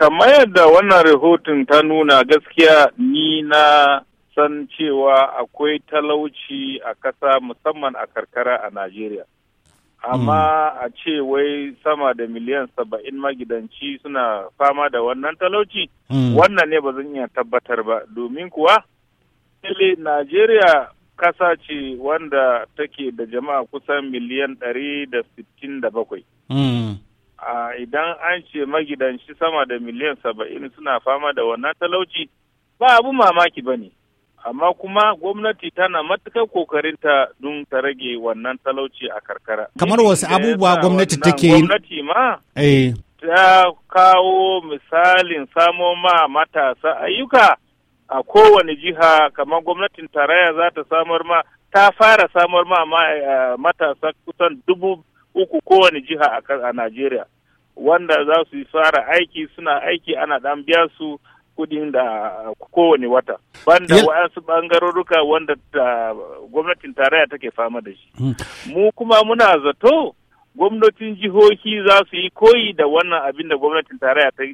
kamar yadda wannan rahoton ta nuna gaskiya ni na san cewa akwai talauci a ƙasa musamman a karkara a Najeriya. Amma a ce wai sama da miliyan saba'in magidanci suna fama da wannan talauci, mm. wannan ne ba zan iya tabbatar ba, domin kuwa, Najeriya ƙasa ce wanda take da jama'a kusan miliyan ɗari da sittin da bakwai. Mm. idan an ce magidanci sama da miliyan saba'in suna fama da wannan talauci ba abu mamaki ba ne amma kuma gwamnati tana matuƙar ta don ta rage wannan talauci a karkara. kamar wasu abubuwa gwamnati take yi gwamnati ma eh. ta kawo misalin samo ma matasa ayyuka a kowane jiha kamar gwamnatin tarayya za ta samar ma ta fara samar ma eh, matasa kusan dubu uku kowane jiha a Najeriya wanda za su yi fara aiki suna aiki ana dan biya su kudin da kowane wata banda wasu bangarorruka wanda gwamnatin tarayya take fama da shi hmm. mu kuma muna zato gwamnatin jihohi za su yi koyi da wannan abin da gwamnatin tarayya ta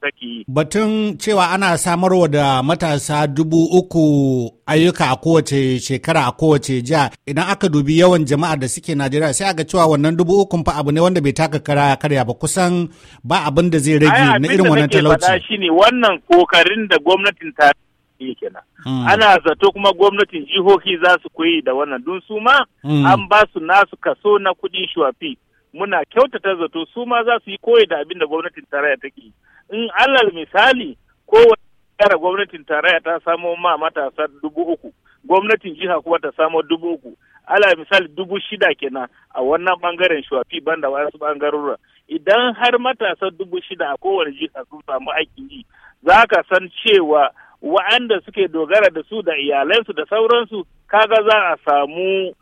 saki yi. Batun cewa ana samarwa da matasa dubu uku ayyuka a kowace shekara a kowace jiha idan aka dubi yawan jama'a da suke Najeriya sai aga cewa wannan dubu ukun fa abu ne wanda bai taka kara karya ba kusan ba abin da zai rage na irin wannan talauci. Ai abin wannan kokarin da gwamnatin ta yi kenan. Hmm. Ana zato kuma gwamnatin jihohi za su koyi da wannan dun su ma hmm. an ba su nasu kaso na kuɗin shuwafi. muna kyautata zato su ma za su yi koyi da abin da gwamnatin tarayya take in alal misali kowace yara gwamnatin tarayya ta samo ma matasa dubu uku gwamnatin jiha kuma ta samo dubu uku ala misali dubu shida kenan a wannan bangaren shuwafi banda wasu bangarora idan har matasa dubu shida a kowane jiha sun samu aikin yi za ka san cewa wa'anda suke dogara da su da iyalansu da sauransu kaga za a samu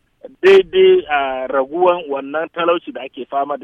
daidai a raguwan wannan talauci da ake fama da